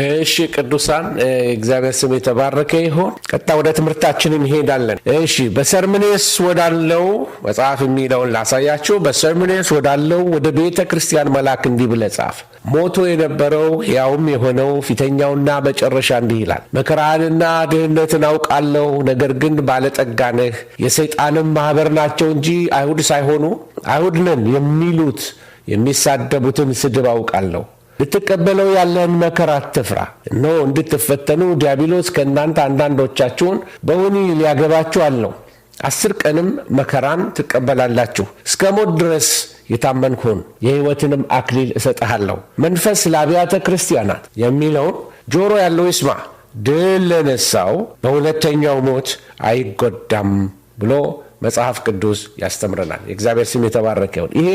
እሺ ቅዱሳን እግዚአብሔር ስም የተባረከ ይሆን። ቀጣ ወደ ትምህርታችን እንሄዳለን። እሺ በሰርምኔስ ወዳለው መጽሐፍ የሚለውን ላሳያችሁ። በሰርምኔስ ወዳለው ወደ ቤተ ክርስቲያን መልአክ እንዲህ ብለ ጻፍ። ሞቶ የነበረው ያውም የሆነው ፊተኛውና መጨረሻ እንዲህ ይላል፣ መከራህንና ድህነትን አውቃለሁ። ነገር ግን ባለጠጋነህ የሰይጣንም ማህበር ናቸው እንጂ አይሁድ ሳይሆኑ አይሁድ ነን የሚሉት የሚሳደቡትን ስድብ አውቃለሁ ልትቀበለው ያለህን መከራ አትፍራ። እነሆ እንድትፈተኑ ዲያብሎስ ከእናንተ አንዳንዶቻችሁን በውኒ ሊያገባችሁ አለው። አስር ቀንም መከራን ትቀበላላችሁ። እስከ ሞት ድረስ የታመንክ ሁን፣ የሕይወትንም አክሊል እሰጥሃለሁ። መንፈስ ለአብያተ ክርስቲያናት የሚለውን ጆሮ ያለው ይስማ። ድል ለነሳው በሁለተኛው ሞት አይጎዳም ብሎ መጽሐፍ ቅዱስ ያስተምረናል። የእግዚአብሔር ስም የተባረከ ይሁን። ይሄ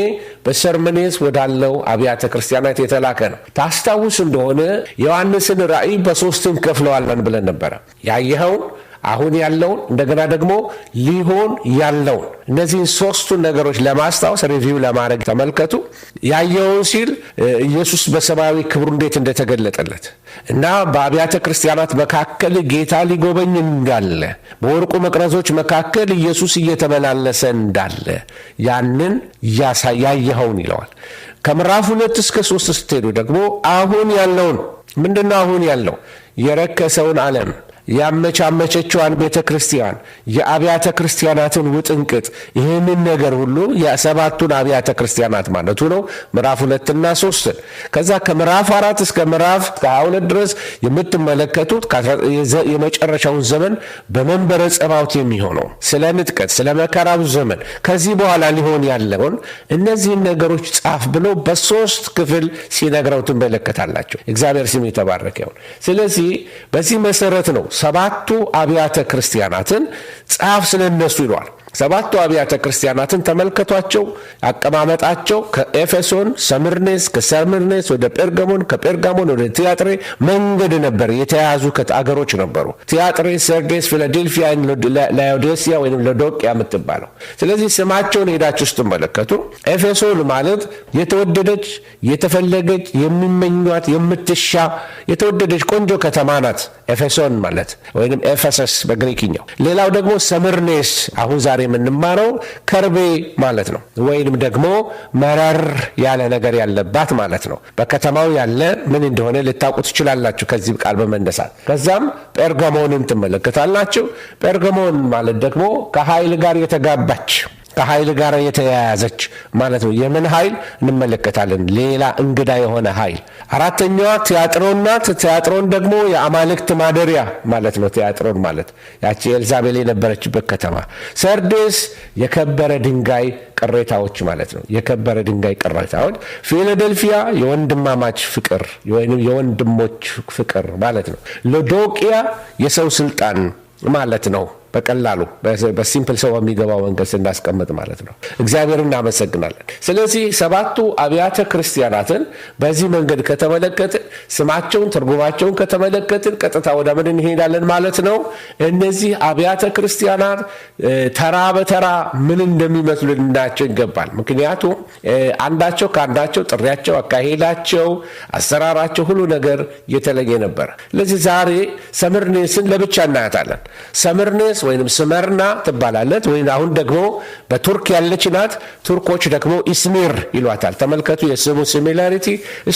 በሰርምኔስ ወዳለው አብያተ ክርስቲያናት የተላከ ነው። ታስታውስ እንደሆነ ዮሐንስን ራእይ በሶስትም ከፍለዋለን ብለን ነበረ ያየኸውን አሁን ያለውን እንደገና ደግሞ ሊሆን ያለውን እነዚህን ሶስቱን ነገሮች ለማስታወስ ሪቪው ለማድረግ ተመልከቱ። ያየውን ሲል ኢየሱስ በሰማያዊ ክብሩ እንዴት እንደተገለጠለት እና በአብያተ ክርስቲያናት መካከል ጌታ ሊጎበኝ እንዳለ፣ በወርቁ መቅረዞች መካከል ኢየሱስ እየተመላለሰ እንዳለ ያንን ያየኸውን ይለዋል። ከምዕራፍ ሁለት እስከ ሶስት ስትሄዱ ደግሞ አሁን ያለውን ምንድነው? አሁን ያለው የረከሰውን ዓለም ያመቻመቸችዋን ቤተ ክርስቲያን የአብያተ ክርስቲያናትን ውጥንቅጥ ይህንን ነገር ሁሉ የሰባቱን አብያተ ክርስቲያናት ማለቱ ነው። ምዕራፍ ሁለትና ሶስትን ከዛ ከምዕራፍ አራት እስከ ምዕራፍ ሃያ ሁለት ድረስ የምትመለከቱት የመጨረሻውን ዘመን በመንበረ ጸባውት የሚሆነው ስለ ምጥቀት፣ ስለ መከራው ዘመን ከዚህ በኋላ ሊሆን ያለውን እነዚህን ነገሮች ጻፍ ብሎ በሶስት ክፍል ሲነግረው ትመለከታላቸው። እግዚአብሔር ስም የተባረከ ይሁን። ስለዚህ በዚህ መሰረት ነው ሰባቱ አብያተ ክርስቲያናትን ጻፍ ስለነሱ ይለዋል። ሰባቱ አብያተ ክርስቲያናትን ተመልከቷቸው። አቀማመጣቸው ከኤፌሶን ሰምርኔስ፣ ከሰምርኔስ ወደ ጴርጋሞን፣ ከጴርጋሞን ወደ ቲያጥሬ መንገድ ነበር። የተያያዙ አገሮች ነበሩ። ቲያጥሬ፣ ሰርዴስ፣ ፊላዴልፊያ፣ ላዮዴሲያ ወይም ሎዶቅያ የምትባለው። ስለዚህ ስማቸውን ሄዳችሁ ስትመለከቱ ኤፌሶን ማለት የተወደደች የተፈለገች የሚመኟት የምትሻ የተወደደች ቆንጆ ከተማ ናት። ኤፌሶን ማለት ወይም ኤፌሰስ በግሪክኛው። ሌላው ደግሞ ሰምርኔስ አሁን ዛሬ የምንማረው ከርቤ ማለት ነው፣ ወይንም ደግሞ መረር ያለ ነገር ያለባት ማለት ነው። በከተማው ያለ ምን እንደሆነ ልታውቁ ትችላላችሁ ከዚህ ቃል በመነሳት ከዛም ጴርገሞንን ትመለከታላችሁ። ጴርገሞን ማለት ደግሞ ከኃይል ጋር የተጋባች ከኃይል ጋር የተያያዘች ማለት ነው። የምን ኃይል እንመለከታለን? ሌላ እንግዳ የሆነ ኃይል። አራተኛዋ ቲያጥሮን ናት። ቲያጥሮን ደግሞ የአማልክት ማደሪያ ማለት ነው። ቲያጥሮን ማለት ያቺ ኤልዛቤል የነበረችበት ከተማ። ሰርዴስ የከበረ ድንጋይ ቅሬታዎች ማለት ነው። የከበረ ድንጋይ ቅሬታዎች። ፊላደልፊያ የወንድማማች ፍቅር ወይም የወንድሞች ፍቅር ማለት ነው። ሎዶቅያ የሰው ስልጣን ማለት ነው። በቀላሉ በሲምፕል ሰው በሚገባው መንገድ ስናስቀምጥ ማለት ነው። እግዚአብሔር እናመሰግናለን። ስለዚህ ሰባቱ አብያተ ክርስቲያናትን በዚህ መንገድ ከተመለከትን፣ ስማቸውን ትርጉማቸውን ከተመለከትን ቀጥታ ወደ ምን እንሄዳለን ማለት ነው? እነዚህ አብያተ ክርስቲያናት ተራ በተራ ምን እንደሚመስሉ ልናያቸው ይገባል። ምክንያቱም አንዳቸው ከአንዳቸው ጥሪያቸው፣ አካሄዳቸው፣ አሰራራቸው ሁሉ ነገር የተለየ ነበረ። ስለዚህ ዛሬ ሰምርኔስን ለብቻ እናያታለን። ሰምርኔ ቴርሜስ ወይም ስመርና ትባላለች። ወይም አሁን ደግሞ በቱርክ ያለች ናት። ቱርኮች ደግሞ ኢስሚር ይሏታል። ተመልከቱ የስሙ ሲሚላሪቲ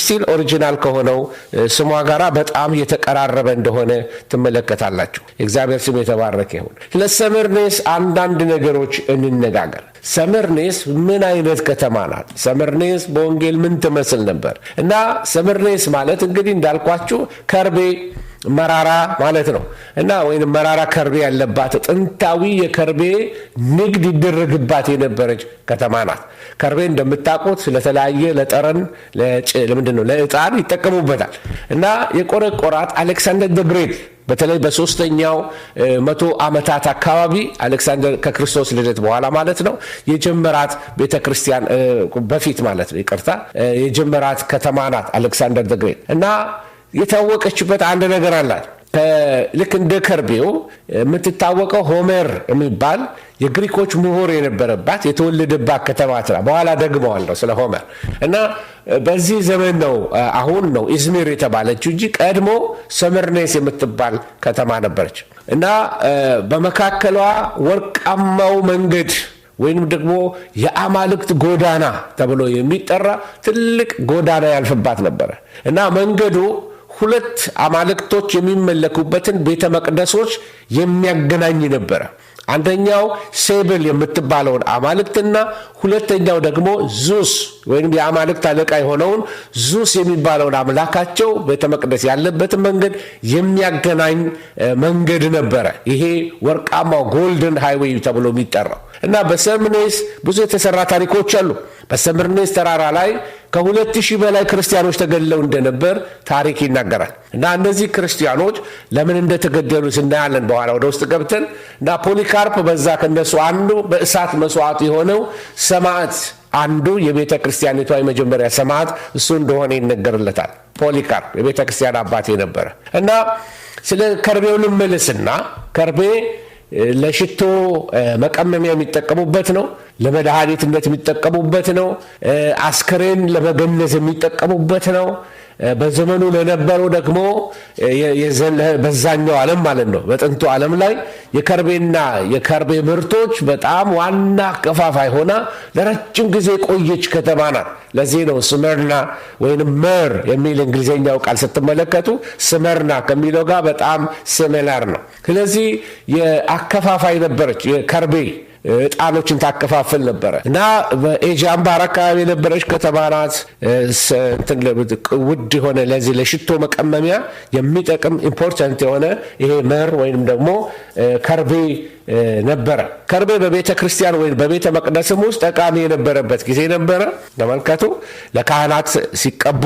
ስቲል ኦሪጂናል ከሆነው ስሟ ጋራ በጣም የተቀራረበ እንደሆነ ትመለከታላችሁ። እግዚአብሔር ስም የተባረከ ይሁን። ለሰምርኔስ አንዳንድ ነገሮች እንነጋገር። ሰምርኔስ ምን አይነት ከተማ ናት? ሰምርኔስ በወንጌል ምን ትመስል ነበር? እና ሰምርኔስ ማለት እንግዲህ እንዳልኳችሁ ከርቤ መራራ ማለት ነው እና ወይም መራራ ከርቤ ያለባት ጥንታዊ የከርቤ ንግድ ይደረግባት የነበረች ከተማ ናት። ከርቤ እንደምታውቁት ለተለያየ ለጠረን ለምንድን ነው ይጠቀሙበታል እና የቆረቆራት አሌክሳንደር ደ ግሬት በተለይ በሶስተኛው መቶ ዓመታት አካባቢ አሌክሳንደር ከክርስቶስ ልደት በኋላ ማለት ነው የጀመራት ቤተክርስቲያን በፊት ማለት ነው ይቅርታ የጀመራት ከተማ ናት አሌክሳንደር ደ ግሬት እና የታወቀችበት አንድ ነገር አላት። ልክ እንደ ከርቤው የምትታወቀው ሆሜር የሚባል የግሪኮች ምሁር የነበረባት የተወለደባት ከተማ በኋላ ደግመዋለሁ ስለ ሆሜር እና በዚህ ዘመን ነው አሁን ነው ኢዝሚር የተባለችው እንጂ ቀድሞ ሰምርኔስ የምትባል ከተማ ነበረች እና በመካከሏ ወርቃማው መንገድ ወይም ደግሞ የአማልክት ጎዳና ተብሎ የሚጠራ ትልቅ ጎዳና ያልፍባት ነበረ እና መንገዱ ሁለት አማልክቶች የሚመለኩበትን ቤተ መቅደሶች የሚያገናኝ ነበረ። አንደኛው ሴብል የምትባለውን አማልክትና ሁለተኛው ደግሞ ዙስ ወይም የአማልክት አለቃ የሆነውን ዙስ የሚባለውን አምላካቸው ቤተ መቅደስ ያለበትን መንገድ የሚያገናኝ መንገድ ነበረ። ይሄ ወርቃማው ጎልደን ሃይዌይ ተብሎ የሚጠራው እና በሰምኔስ ብዙ የተሰራ ታሪኮች አሉ። በሰምርኔስ ተራራ ላይ ከሁለት ሺህ በላይ ክርስቲያኖች ተገድለው እንደነበር ታሪክ ይናገራል። እና እነዚህ ክርስቲያኖች ለምን እንደተገደሉ እናያለን በኋላ ወደ ውስጥ ገብተን እና ፖሊካርፕ በዛ ከነሱ አንዱ በእሳት መስዋዕት የሆነው ሰማዕት አንዱ የቤተ ክርስቲያኒቷ የመጀመሪያ ሰማዕት እሱ እንደሆነ ይነገርለታል። ፖሊካርፕ የቤተ ክርስቲያን አባቴ ነበረ እና ስለ ከርቤው ልመልስና ከርቤ ለሽቶ መቀመሚያ የሚጠቀሙበት ነው። ለመድኃኒትነት የሚጠቀሙበት ነው። አስከሬን ለመገነዝ የሚጠቀሙበት ነው። በዘመኑ ለነበረው ደግሞ በዛኛው ዓለም ማለት ነው በጥንቱ ዓለም ላይ የከርቤና የከርቤ ምርቶች በጣም ዋና አከፋፋይ ሆና ለረጅም ጊዜ ቆየች ከተማ ናት። ለዚህ ነው ስመርና ወይም መር የሚል እንግሊዝኛው ቃል ስትመለከቱ ስመርና ከሚለው ጋር በጣም ሲሚላር ነው። ስለዚህ የአከፋፋይ ነበረች የከርቤ እጣኖችን ታከፋፍል ነበረ እና በኤጃምባር አካባቢ የነበረች ከተማ ናት። ውድ የሆነ ለዚህ ለሽቶ መቀመሚያ የሚጠቅም ኢምፖርታንት የሆነ ይሄ መር ወይም ደግሞ ከርቤ ነበረ። ከርቤ በቤተ ክርስቲያን ወይም በቤተ መቅደስም ውስጥ ጠቃሚ የነበረበት ጊዜ ነበረ። ተመልከቱ፣ ለካህናት ሲቀቡ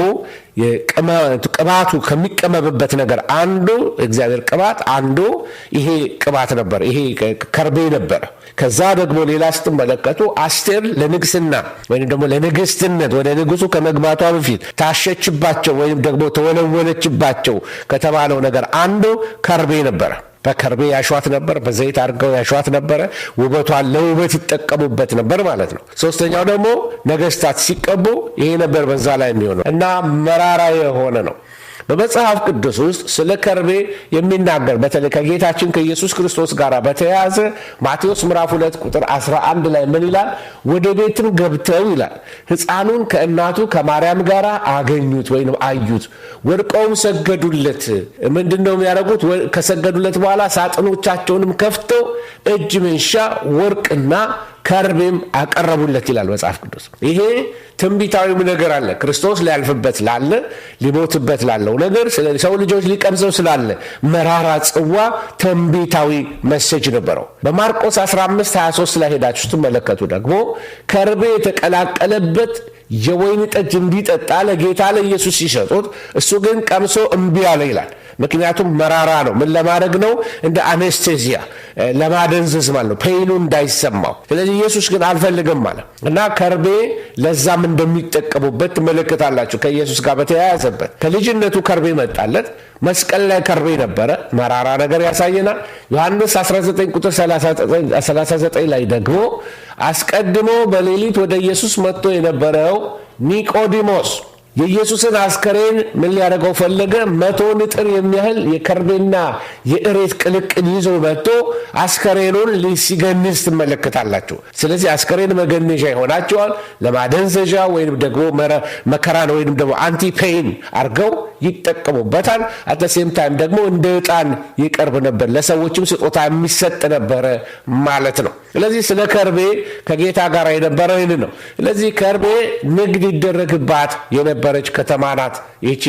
ቅባቱ ከሚቀመምበት ነገር አንዱ እግዚአብሔር ቅባት አንዱ ይሄ ቅባት ነበር፣ ይሄ ከርቤ ነበረ። ከዛ ደግሞ ሌላ ስትመለከቱ አስቴር ለንግስና ወይም ደግሞ ለንግስትነት ወደ ንጉሱ ከመግባቷ በፊት ታሸችባቸው ወይም ደግሞ ተወለወለችባቸው ከተባለው ነገር አንዱ ከርቤ ነበረ። በከርቤ ያሸዋት ነበር፣ በዘይት አድርገው ያሸዋት ነበረ። ውበቷን ለውበት ይጠቀሙበት ነበር ማለት ነው። ሶስተኛው ደግሞ ነገስታት ሲቀቡ ይሄ ነበር በዛ ላይ የሚሆነው እና መራራ የሆነ ነው። በመጽሐፍ ቅዱስ ውስጥ ስለ ከርቤ የሚናገር በተለይ ከጌታችን ከኢየሱስ ክርስቶስ ጋር በተያያዘ ማቴዎስ ምዕራፍ 2 ቁጥር 11 ላይ ምን ይላል? ወደ ቤትም ገብተው ይላል ሕፃኑን ከእናቱ ከማርያም ጋር አገኙት ወይም አዩት፣ ወድቀውም ሰገዱለት። ምንድን ነው የሚያደርጉት? ከሰገዱለት በኋላ ሳጥኖቻቸውንም ከፍተው እጅ መንሻ ወርቅና ከርቤም አቀረቡለት ይላል መጽሐፍ ቅዱስ። ይሄ ትንቢታዊም ነገር አለ። ክርስቶስ ሊያልፍበት ላለ ሊሞትበት ላለው ነገር ሰው ልጆች ሊቀምሰው ስላለ መራራ ጽዋ ትንቢታዊ መሴጅ ነበረው። በማርቆስ 15 23 ላይ ሄዳችሁ ስትመለከቱ ደግሞ ከርቤ የተቀላቀለበት የወይን ጠጅ እንዲጠጣ ለጌታ ለኢየሱስ ሲሰጡት እሱ ግን ቀምሶ እምቢ አለ ይላል። ምክንያቱም መራራ ነው። ምን ለማድረግ ነው? እንደ አኔስቴዚያ ለማደንዘዝ ማለት ነው፣ ፔይኑ እንዳይሰማው። ስለዚህ ኢየሱስ ግን አልፈልግም ማለት እና ከርቤ ለዛም እንደሚጠቀሙበት ምልክት አላቸው። ከኢየሱስ ጋር በተያያዘበት ከልጅነቱ ከርቤ መጣለት። መስቀል ላይ ከርቤ ነበረ። መራራ ነገር ያሳየናል። ዮሐንስ 19 ቁጥር 39 ላይ ደግሞ አስቀድሞ በሌሊት ወደ ኢየሱስ መጥቶ የነበረው ኒቆዲሞስ የኢየሱስን አስከሬን ምን ሊያደርገው ፈለገ? መቶ ንጥር የሚያህል የከርቤና የእሬት ቅልቅል ይዞ መጥቶ አስከሬኑን ሲገንዝ ትመለከታላችሁ። ስለዚህ አስከሬን መገነዣ ይሆናቸዋል። ለማደንዘዣ ወይም ደግሞ መከራን ወይም ደግሞ አንቲፔይን አድርገው ይጠቀሙበታል። አተሴም ታይም ደግሞ እንደ ዕጣን ይቀርብ ነበር፣ ለሰዎችም ስጦታ የሚሰጥ ነበረ ማለት ነው። ስለዚህ ስለ ከርቤ ከጌታ ጋር የነበረ ይህን ነው። ስለዚህ ከርቤ ንግድ ይደረግባት የነበረ የነበረች ከተማ ናት ይቺ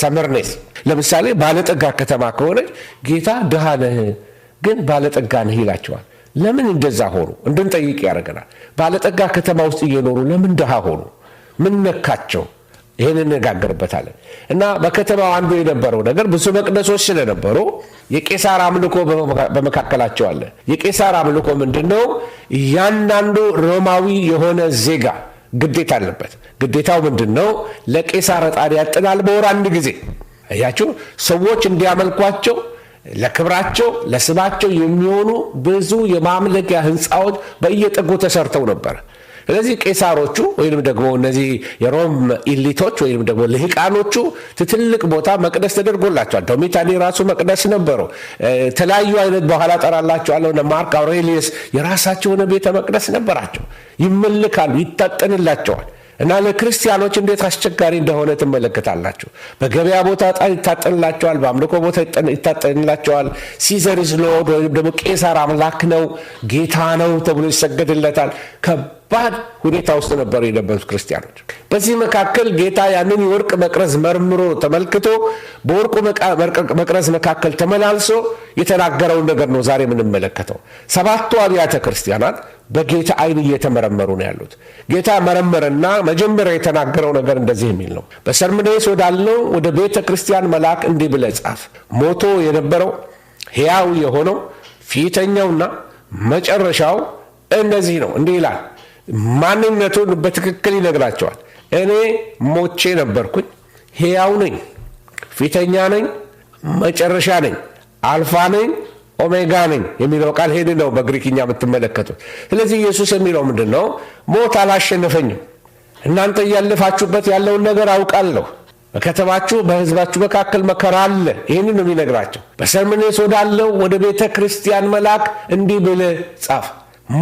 ሰምርኔስ። ለምሳሌ ባለጠጋ ከተማ ከሆነች ጌታ ድሃ ነህ ግን ባለጠጋ ነህ ይላቸዋል። ለምን እንደዛ ሆኑ እንድንጠይቅ ያደርገናል። ባለጠጋ ከተማ ውስጥ እየኖሩ ለምን ድሃ ሆኑ? ምን ነካቸው? ይህን እነጋገርበታለን። እና በከተማው አንዱ የነበረው ነገር ብዙ መቅደሶች ስለነበሩ የቄሳር አምልኮ በመካከላቸው አለ። የቄሳር አምልኮ ምንድን ነው? እያንዳንዱ ሮማዊ የሆነ ዜጋ ግዴታ አለበት። ግዴታው ምንድን ነው? ለቄሳር ዕጣን ያጥናል በወር አንድ ጊዜ። እያችሁ ሰዎች እንዲያመልኳቸው ለክብራቸው ለስማቸው የሚሆኑ ብዙ የማምለኪያ ህንፃዎች በየጥጉ ተሰርተው ነበር። ስለዚህ ቄሳሮቹ ወይም ደግሞ እነዚህ የሮም ኢሊቶች ወይም ደግሞ ልሂቃኖቹ ትልቅ ቦታ መቅደስ ተደርጎላቸዋል። ዶሚታኒ ራሱ መቅደስ ነበሩ። የተለያዩ አይነት በኋላ ጠራላቸዋለሁ ማርክ አውሬሊየስ የራሳቸው የሆነ ቤተ መቅደስ ነበራቸው። ይመልካሉ፣ ይታጠንላቸዋል። እና ለክርስቲያኖች እንዴት አስቸጋሪ እንደሆነ ትመለከታላችሁ። በገበያ ቦታ ዕጣን ይታጠንላቸዋል፣ በአምልኮ ቦታ ይታጠንላቸዋል። ሲዘር ኢዝ ሎርድ ወይም ደግሞ ቄሳር አምላክ ነው ጌታ ነው ተብሎ ይሰገድለታል። ከባድ ሁኔታ ውስጥ ነበሩ የነበሩት ክርስቲያኖች። በዚህ መካከል ጌታ ያንን የወርቅ መቅረዝ መርምሮ ተመልክቶ በወርቁ መቅረዝ መካከል ተመላልሶ የተናገረውን ነገር ነው ዛሬ የምንመለከተው። ሰባቱ አብያተ ክርስቲያናት በጌታ ዓይን እየተመረመሩ ነው ያሉት። ጌታ መረመረና መጀመሪያ የተናገረው ነገር እንደዚህ የሚል ነው። በሰርምኔስ ወዳለው ወደ ቤተ ክርስቲያን መልአክ እንዲህ ብለህ ጻፍ። ሞቶ የነበረው ሕያው የሆነው ፊተኛውና መጨረሻው እንደዚህ ነው። እንዲህ ይላል ማንነቱን በትክክል ይነግራቸዋል። እኔ ሞቼ ነበርኩኝ፣ ሕያው ነኝ፣ ፊተኛ ነኝ፣ መጨረሻ ነኝ፣ አልፋ ነኝ፣ ኦሜጋ ነኝ የሚለው ቃል ሄድ ነው በግሪክኛ የምትመለከቱት። ስለዚህ ኢየሱስ የሚለው ምንድን ነው? ሞት አላሸነፈኝም። እናንተ እያለፋችሁበት ያለውን ነገር አውቃለሁ። በከተማችሁ በህዝባችሁ መካከል መከራ አለ። ይህንን ነው የሚነግራቸው። በሰርምኔስ ወዳለው ወደ ቤተ ክርስቲያን መልአክ እንዲህ ብለህ ጻፍ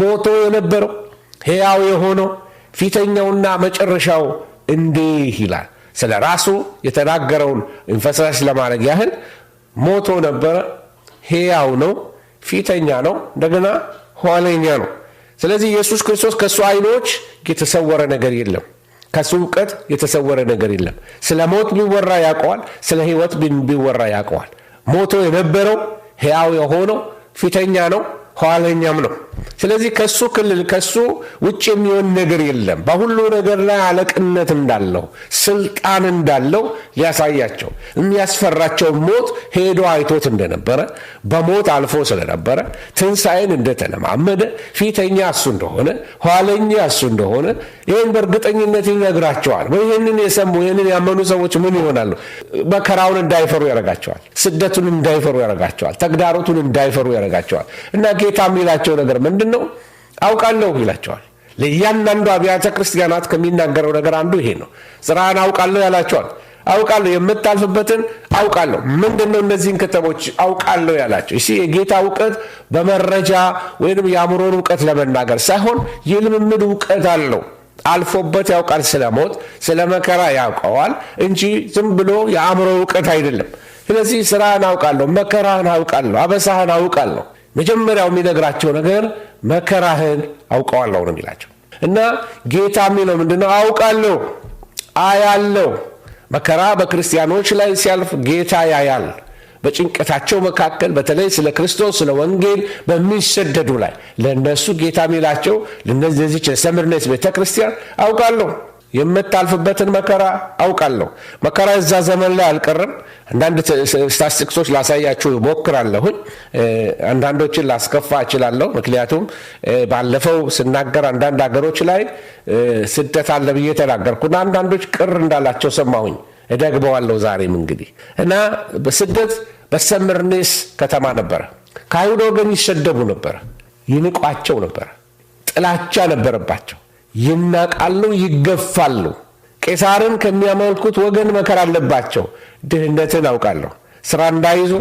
ሞቶ የነበረው ሕያው የሆነው ፊተኛውና መጨረሻው እንዲህ ይላል። ስለ ራሱ የተናገረውን እንፈስረስ ለማድረግ ያህል ሞቶ ነበረ፣ ሕያው ነው፣ ፊተኛ ነው፣ እንደገና ኋለኛ ነው። ስለዚህ ኢየሱስ ክርስቶስ ከእሱ ዓይኖች የተሰወረ ነገር የለም። ከእሱ እውቀት የተሰወረ ነገር የለም። ስለ ሞት ቢወራ ያውቀዋል። ስለ ሕይወት ቢወራ ያውቀዋል። ሞቶ የነበረው ሕያው የሆነው ፊተኛ ነው ኋለኛም ነው። ስለዚህ ከሱ ክልል ከሱ ውጭ የሚሆን ነገር የለም። በሁሉ ነገር ላይ አለቅነት እንዳለው ስልጣን እንዳለው ሊያሳያቸው የሚያስፈራቸው ሞት ሄዶ አይቶት እንደነበረ በሞት አልፎ ስለነበረ ትንሣኤን እንደተለማመደ ፊተኛ እሱ እንደሆነ ኋለኛ እሱ እንደሆነ ይህን በእርግጠኝነት ይነግራቸዋል። ይህንን የሰሙ ይህንን ያመኑ ሰዎች ምን ይሆናሉ? መከራውን እንዳይፈሩ ያረጋቸዋል። ስደቱን እንዳይፈሩ ያረጋቸዋል። ተግዳሮቱን እንዳይፈሩ ያረጋቸዋል እና ጌታ የሚላቸው ነገር ምንድን ነው? አውቃለሁ ይላቸዋል። ለእያንዳንዱ አብያተ ክርስቲያናት ከሚናገረው ነገር አንዱ ይሄ ነው። ስራን አውቃለሁ ያላቸዋል። አውቃለሁ የምታልፍበትን አውቃለሁ። ምንድን ነው እነዚህን ከተሞች አውቃለሁ ያላቸው? እ የጌታ እውቀት በመረጃ ወይም የአእምሮን እውቀት ለመናገር ሳይሆን የልምምድ እውቀት አለው። አልፎበት ያውቃል። ስለ ሞት ስለ መከራ ያውቀዋል እንጂ ዝም ብሎ የአእምሮ እውቀት አይደለም። ስለዚህ ስራህን አውቃለሁ፣ መከራህን አውቃለሁ፣ አበሳህን አውቃለሁ መጀመሪያው የሚነግራቸው ነገር መከራህን አውቀዋለሁ ነው የሚላቸው እና ጌታ የሚለው ምንድነው? አውቃለሁ፣ አያለው። መከራ በክርስቲያኖች ላይ ሲያልፍ ጌታ ያያል። በጭንቀታቸው መካከል በተለይ ስለ ክርስቶስ ስለ ወንጌል በሚሰደዱ ላይ ለእነሱ ጌታ የሚላቸው ለዚች ሰምርነት ቤተክርስቲያን አውቃለሁ የምታልፍበትን መከራ አውቃለሁ። መከራ እዛ ዘመን ላይ አልቀርም። አንዳንድ ስታስቲክሶች ላሳያችሁ ሞክራለሁኝ። አንዳንዶችን ላስከፋ እችላለሁ። ምክንያቱም ባለፈው ስናገር አንዳንድ ሀገሮች ላይ ስደት አለ ብዬ ተናገርኩና አንዳንዶች ቅር እንዳላቸው ሰማሁኝ። እደግበዋለሁ ዛሬም እንግዲህ እና ስደት በሰምርኔስ ከተማ ነበረ። ከአይሁድ ወገን ይሰደቡ ነበረ፣ ይንቋቸው ነበረ፣ ጥላቻ ነበረባቸው። ይናቃሉ፣ ይገፋሉ። ቄሳርን ከሚያመልኩት ወገን መከራ አለባቸው። ድህነትን አውቃለሁ። ስራ እንዳይዙ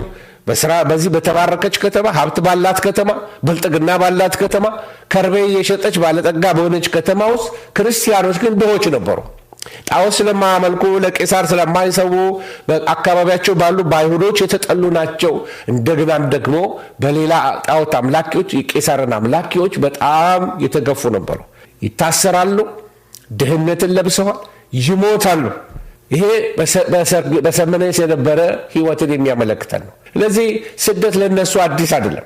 በስራ በዚህ በተባረከች ከተማ ሀብት ባላት ከተማ ብልጥግና ባላት ከተማ ከርቤ እየሸጠች ባለጠጋ በሆነች ከተማ ውስጥ ክርስቲያኖች ግን ድሆች ነበሩ። ጣዖት ስለማያመልኩ ለቄሳር ስለማይሰዉ በአካባቢያቸው ባሉ በአይሁዶች የተጠሉ ናቸው። እንደገናም ደግሞ በሌላ ጣዖት አምላኪዎች፣ የቄሳርን አምላኪዎች በጣም የተገፉ ነበሩ። ይታሰራሉ፣ ድህነትን ለብሰዋል፣ ይሞታሉ። ይሄ በሰመነስ የነበረ ህይወትን የሚያመለክተን ነው። ስለዚህ ስደት ለነሱ አዲስ አይደለም።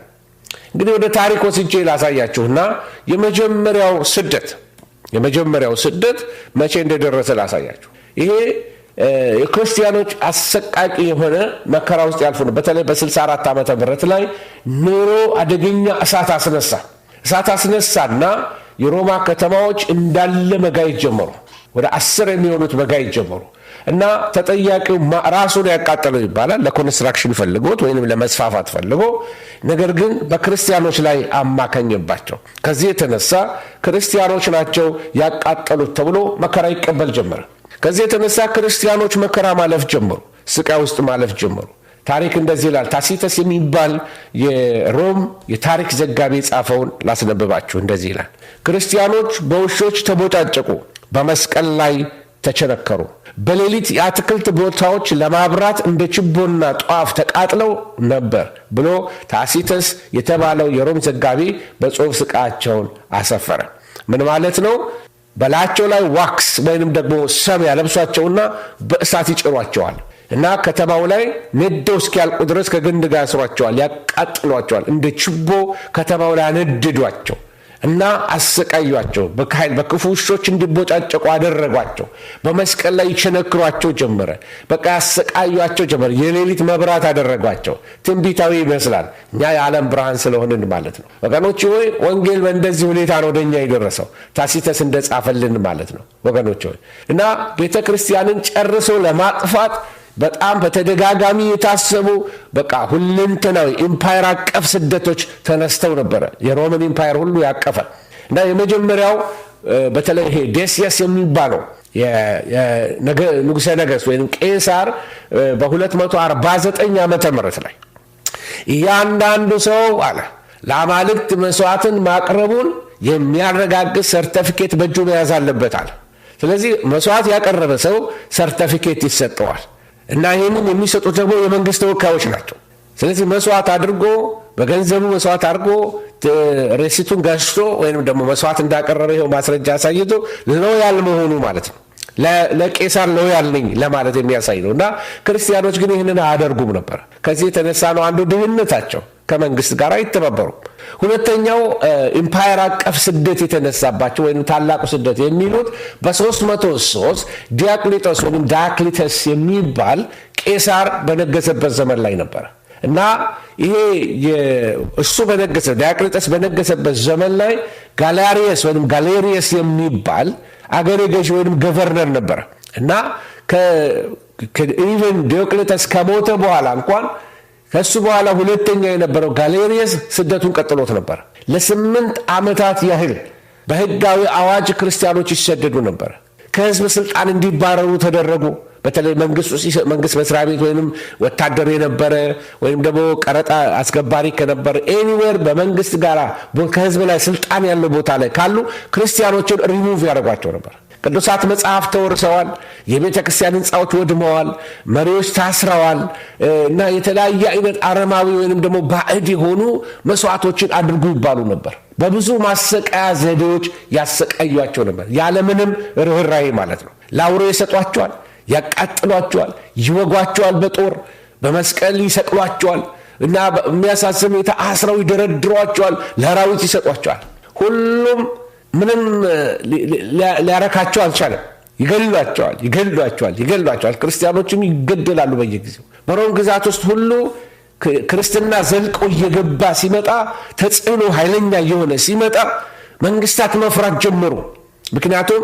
እንግዲህ ወደ ታሪክ ወስጄ ላሳያችሁና የመጀመሪያው ስደት የመጀመሪያው ስደት መቼ እንደደረሰ ላሳያችሁ። ይሄ የክርስቲያኖች አሰቃቂ የሆነ መከራ ውስጥ ያልፉ ነው። በተለይ በ64 ዓመተ ምህረት ላይ ኑሮ አደገኛ እሳት አስነሳ እሳት አስነሳና የሮማ ከተማዎች እንዳለ መጋየት ጀመሩ። ወደ አስር የሚሆኑት መጋየት ጀመሩ እና ተጠያቂው ራሱን ያቃጠለው ይባላል። ለኮንስትራክሽን ፈልጎት ወይም ለመስፋፋት ፈልጎ፣ ነገር ግን በክርስቲያኖች ላይ አማካኝባቸው። ከዚህ የተነሳ ክርስቲያኖች ናቸው ያቃጠሉት ተብሎ መከራ ይቀበል ጀመረ። ከዚህ የተነሳ ክርስቲያኖች መከራ ማለፍ ጀመሩ፣ ስቃይ ውስጥ ማለፍ ጀመሩ። ታሪክ እንደዚህ ይላል። ታሲተስ የሚባል የሮም የታሪክ ዘጋቢ የጻፈውን ላስነብባችሁ። እንደዚህ ይላል። ክርስቲያኖች በውሾች ተቦጫጨቁ፣ በመስቀል ላይ ተቸነከሩ። በሌሊት የአትክልት ቦታዎች ለማብራት እንደ ችቦና ጧፍ ተቃጥለው ነበር ብሎ ታሲተስ የተባለው የሮም ዘጋቢ በጽሑፍ ስቃቸውን አሰፈረ። ምን ማለት ነው? በላያቸው ላይ ዋክስ ወይንም ደግሞ ሰም ያለብሷቸውና በእሳት ይጭሯቸዋል። እና ከተማው ላይ ነደው እስኪያልቁ ድረስ ከግንድ ጋር ያስሯቸዋል፣ ያቃጥሏቸዋል። እንደ ችቦ ከተማው ላይ አነድዷቸው እና አሰቃዩቸው። በክፉ ውሾች እንዲቦጫጨቁ አደረጓቸው። በመስቀል ላይ ይቸነክሯቸው ጀመረ። በቃ ያሰቃዩቸው ጀመረ። የሌሊት መብራት አደረጓቸው። ትንቢታዊ ይመስላል። እኛ የዓለም ብርሃን ስለሆንን ማለት ነው። ወገኖች ሆይ ወንጌል በእንደዚህ ሁኔታ ነው ወደኛ የደረሰው። ታሲተስ እንደጻፈልን ማለት ነው። ወገኖች ሆይ እና ቤተ ክርስቲያንን ጨርሶ ለማጥፋት በጣም በተደጋጋሚ የታሰቡ በቃ ሁለንተናዊ ኢምፓየር አቀፍ ስደቶች ተነስተው ነበረ። የሮመን ኢምፓየር ሁሉ ያቀፈ እና የመጀመሪያው በተለይ ይሄ ዴሲየስ የሚባለው ንጉሰ ነገሥት ወይም ቄሳር በ249 ዓመተ ምህረት ላይ እያንዳንዱ ሰው አለ ለአማልክት መስዋዕትን ማቅረቡን የሚያረጋግጥ ሰርተፊኬት በእጁ መያዝ አለበት አለ። ስለዚህ መስዋዕት ያቀረበ ሰው ሰርተፊኬት ይሰጠዋል። እና ይህንን የሚሰጡት ደግሞ የመንግስት ተወካዮች ናቸው። ስለዚህ መስዋዕት አድርጎ በገንዘቡ መስዋዕት አድርጎ ሬሲቱን ገዝቶ ወይም ደግሞ መስዋዕት እንዳቀረበ ይኸው ማስረጃ አሳይቶ ሎያል መሆኑ ማለት ነው። ለቄሳር ነው ያልኝ ለማለት የሚያሳይ ነው እና ክርስቲያኖች ግን ይህንን አያደርጉም ነበር። ከዚህ የተነሳ ነው አንዱ ድህነታቸው ከመንግስት ጋር አይተባበሩም። ሁለተኛው ኢምፓየር አቀፍ ስደት የተነሳባቸው ወይም ታላቁ ስደት የሚሉት በ303 ዲያቅሊጦስ ወይም ዳያክሊተስ የሚባል ቄሳር በነገሰበት ዘመን ላይ ነበረ እና ይሄ እሱ በነገሰ ዲያቅሊጦስ በነገሰበት ዘመን ላይ ጋላሪየስ ወይም ጋሌሪየስ የሚባል አገሬ ገዥ ወይም ገቨርነር ነበረ እና ኢቨን ዲዮቅሌጠስ ከሞተ በኋላ እንኳን ከሱ በኋላ ሁለተኛ የነበረው ጋሌሪየስ ስደቱን ቀጥሎት ነበር። ለስምንት ዓመታት ያህል በህጋዊ አዋጅ ክርስቲያኖች ይሰደዱ ነበር። ከህዝብ ስልጣን እንዲባረሩ ተደረጉ። በተለይ መንግስት መስሪያ ቤት ወይም ወታደር የነበረ ወይም ደግሞ ቀረጣ አስገባሪ ከነበረ ኤኒዌር በመንግስት ጋር ከህዝብ ላይ ስልጣን ያለው ቦታ ላይ ካሉ ክርስቲያኖችን ሪሙቭ ያደርጓቸው ነበር። ቅዱሳት መጽሐፍ ተወርሰዋል። የቤተ ክርስቲያን ህንፃዎች ወድመዋል። መሪዎች ታስረዋል እና የተለያየ አይነት አረማዊ ወይም ደግሞ ባዕድ የሆኑ መስዋዕቶችን አድርጉ ይባሉ ነበር። በብዙ ማሰቃያ ዘዴዎች ያሰቃያቸው ነበር፣ ያለምንም ርኅራኄ ማለት ነው። ላውሮ ይሰጧቸዋል። ያቃጥሏቸዋል፣ ይወጓቸዋል፣ በጦር በመስቀል ይሰቅሏቸዋል እና በሚያሳስብ ሁኔታ አስረው ይደረድሯቸዋል፣ ለአራዊት ይሰጧቸዋል። ሁሉም ምንም ሊያረካቸው አልቻለም። ይገሏቸዋል፣ ይገሏቸዋል፣ ይገሏቸዋል። ክርስቲያኖችም ይገደላሉ በየጊዜው በሮም ግዛት ውስጥ ሁሉ ክርስትና ዘልቆ እየገባ ሲመጣ ተጽዕኖ ኃይለኛ እየሆነ ሲመጣ መንግስታት መፍራት ጀመሩ። ምክንያቱም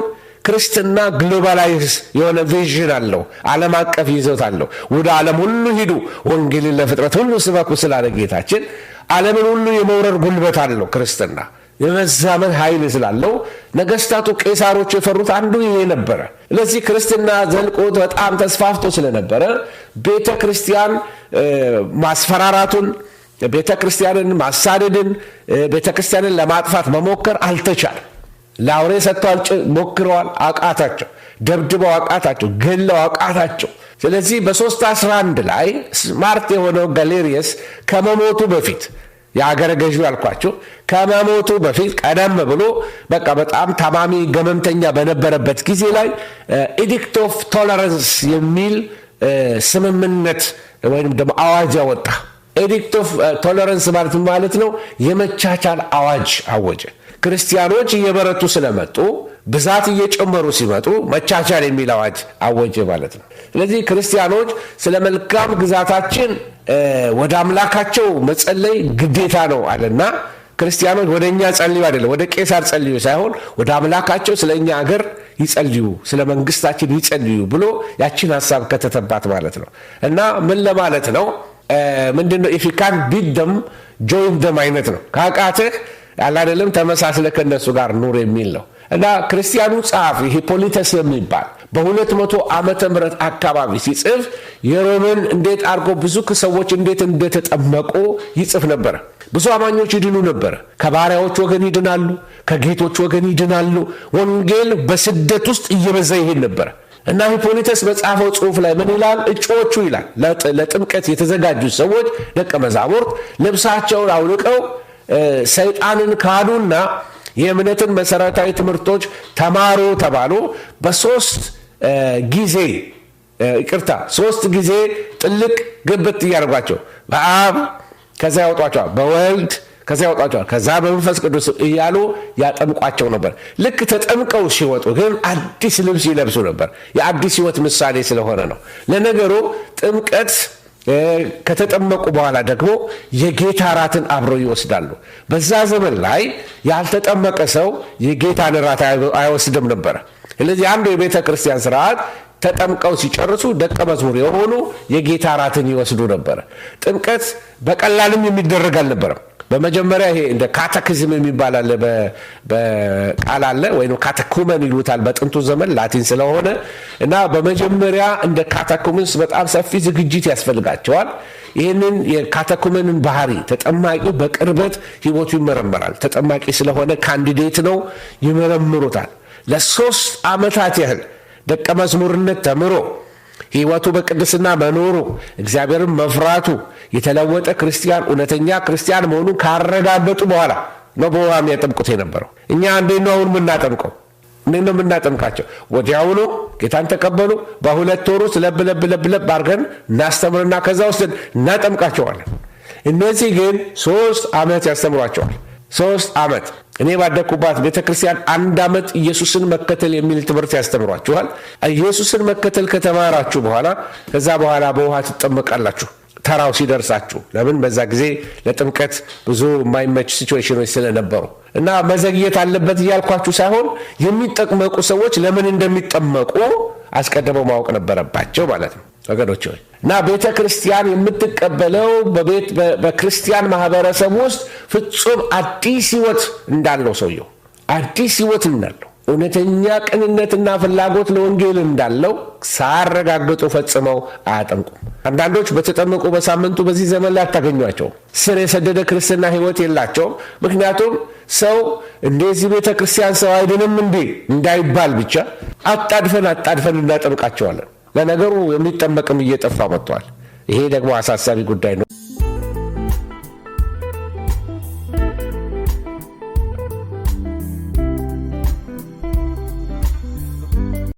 ክርስትና ግሎባላይዝ የሆነ ቪዥን አለው፣ ዓለም አቀፍ ይዘት አለው። ወደ ዓለም ሁሉ ሂዱ፣ ወንጌልን ለፍጥረት ሁሉ ስበኩ ስላለ ጌታችን ዓለምን ሁሉ የመውረር ጉልበት አለው። ክርስትና የመዛመን ኃይል ስላለው ነገስታቱ፣ ቄሳሮች የፈሩት አንዱ ይሄ ነበረ። ስለዚህ ክርስትና ዘልቆት በጣም ተስፋፍቶ ስለነበረ ቤተ ክርስቲያን ማስፈራራቱን ቤተ ክርስቲያንን ማሳደድን ቤተ ክርስቲያንን ለማጥፋት መሞከር አልተቻለም። ለአውሬ ሰጥተዋል፣ ሞክረዋል፣ አቃታቸው። ደብድበው አቃታቸው፣ ገለው አቃታቸው። ስለዚህ በሶስት አስራ አንድ ላይ ስማርት የሆነው ጋሌሪየስ ከመሞቱ በፊት የአገረ ገዢ ያልኳቸው ከመሞቱ በፊት ቀደም ብሎ በቃ በጣም ታማሚ ገመምተኛ በነበረበት ጊዜ ላይ ኢዲክት ኦፍ ቶለረንስ የሚል ስምምነት ወይም ደግሞ አዋጅ ያወጣ ኤዲክት ኦፍ ቶለረንስ ማለት ማለት ነው። የመቻቻል አዋጅ አወጀ። ክርስቲያኖች እየበረቱ ስለመጡ ብዛት እየጨመሩ ሲመጡ መቻቻል የሚል አዋጅ አወጀ ማለት ነው። ስለዚህ ክርስቲያኖች ስለ መልካም ግዛታችን ወደ አምላካቸው መጸለይ ግዴታ ነው አለና ክርስቲያኖች ወደ እኛ ጸልዩ አይደለም ወደ ቄሳር ጸልዩ ሳይሆን ወደ አምላካቸው ስለ እኛ አገር ይጸልዩ፣ ስለ መንግስታችን ይጸልዩ ብሎ ያችን ሀሳብ ከተተባት ማለት ነው እና ምን ለማለት ነው ምንድነው ኢፊካን ቢደም ጆይን ደም አይነት ነው። ካቃትህ አላደለም ተመሳስለ ከነሱ ጋር ኑር የሚል ነው እና ክርስቲያኑ ጸሐፊ ሂፖሊተስ የሚባል በ200 ዓመተ ምህረት አካባቢ ሲጽፍ የሮምን እንዴት አድርጎ ብዙ ሰዎች እንዴት እንደተጠመቁ ይጽፍ ነበረ። ብዙ አማኞች ይድኑ ነበረ። ከባሪያዎች ወገን ይድናሉ፣ ከጌቶች ወገን ይድናሉ። ወንጌል በስደት ውስጥ እየበዛ ይሄድ ነበረ። እና ሂፖሊተስ በጻፈው ጽሑፍ ላይ ምን ይላል? እጩዎቹ ይላል ለጥምቀት የተዘጋጁት ሰዎች ደቀ መዛሙርት ልብሳቸውን አውልቀው ሰይጣንን ካዱና የእምነትን መሰረታዊ ትምህርቶች ተማሩ ተባሉ። በሶስት ጊዜ ይቅርታ፣ ሶስት ጊዜ ጥልቅ ግብት እያደርጓቸው በአብ ከዛ ያወጧቸዋል በወልድ ከዛ ያወጣቸዋል፣ ከዛ በመንፈስ ቅዱስ እያሉ ያጠምቋቸው ነበር። ልክ ተጠምቀው ሲወጡ ግን አዲስ ልብስ ይለብሱ ነበር። የአዲስ ሕይወት ምሳሌ ስለሆነ ነው። ለነገሩ ጥምቀት ከተጠመቁ በኋላ ደግሞ የጌታ ራትን አብረው ይወስዳሉ። በዛ ዘመን ላይ ያልተጠመቀ ሰው የጌታን ራት አይወስድም ነበረ። ስለዚህ አንዱ የቤተ ክርስቲያን ስርዓት ተጠምቀው ሲጨርሱ ደቀ መዝሙር የሆኑ የጌታ ራትን ይወስዱ ነበረ። ጥምቀት በቀላልም የሚደረግ አልነበረም። በመጀመሪያ ይሄ እንደ ካተክዝም የሚባል አለ በቃል አለ ወይ ካተኩመን ይሉታል በጥንቱ ዘመን ላቲን ስለሆነ እና በመጀመሪያ እንደ ካተኩመንስ በጣም ሰፊ ዝግጅት ያስፈልጋቸዋል። ይህንን የካተኩመንን ባህሪ ተጠማቂው በቅርበት ህይወቱ ይመረመራል። ተጠማቂ ስለሆነ ካንዲዴት ነው፣ ይመረምሩታል። ለሶስት ዓመታት ያህል ደቀ መዝሙርነት ተምሮ ሕይወቱ በቅድስና መኖሩ እግዚአብሔርን መፍራቱ የተለወጠ ክርስቲያን እውነተኛ ክርስቲያን መሆኑን ካረጋገጡ በኋላ ነው በውሃ የሚያጠምቁት የነበረው። እኛ እንዴት ነው አሁን የምናጠምቀው? እንዴት ነው የምናጠምቃቸው? ወዲያውኑ ጌታን ተቀበሉ። በሁለት ወር ውስጥ ለብ ለብ ለብ ለብ አድርገን እናስተምርና ከዛ ውስጥ እናጠምቃቸዋለን። እነዚህ ግን ሶስት ዓመት ያስተምሯቸዋል። ሶስት ዓመት እኔ ባደኩባት ቤተ ክርስቲያን አንድ ዓመት ኢየሱስን መከተል የሚል ትምህርት ያስተምሯችኋል። ኢየሱስን መከተል ከተማራችሁ በኋላ ከዛ በኋላ በውሃ ትጠመቃላችሁ ተራው ሲደርሳችሁ። ለምን በዛ ጊዜ ለጥምቀት ብዙ የማይመች ሲቹዌሽኖች ስለነበሩ እና መዘግየት አለበት እያልኳችሁ ሳይሆን የሚጠመቁ ሰዎች ለምን እንደሚጠመቁ አስቀድመው ማወቅ ነበረባቸው ማለት ነው ወገኖች። እና ቤተ ክርስቲያን የምትቀበለው በክርስቲያን ማህበረሰብ ውስጥ ፍጹም አዲስ ህይወት እንዳለው ሰውየው አዲስ ህይወት እንዳለው እውነተኛ ቅንነትና ፍላጎት ለወንጌል እንዳለው ሳረጋግጡ ፈጽመው አያጠምቁም። አንዳንዶች በተጠመቁ በሳምንቱ በዚህ ዘመን ላይ አታገኟቸውም። ስር የሰደደ ክርስትና ህይወት የላቸውም። ምክንያቱም ሰው እንደዚህ ቤተ ክርስቲያን ሰው አይድንም እንዴ እንዳይባል ብቻ አጣድፈን አጣድፈን እናጠምቃቸዋለን። ለነገሩ የሚጠመቅም እየጠፋ መጥቷል። ይሄ ደግሞ አሳሳቢ ጉዳይ ነው።